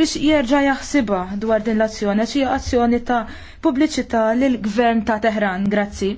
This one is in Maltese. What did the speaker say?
biex jerġa' jaħsiba dwar din l-azzjoni xi azzjoni ta' pubbliċità lill gvern ta' Teħran. Grazzi.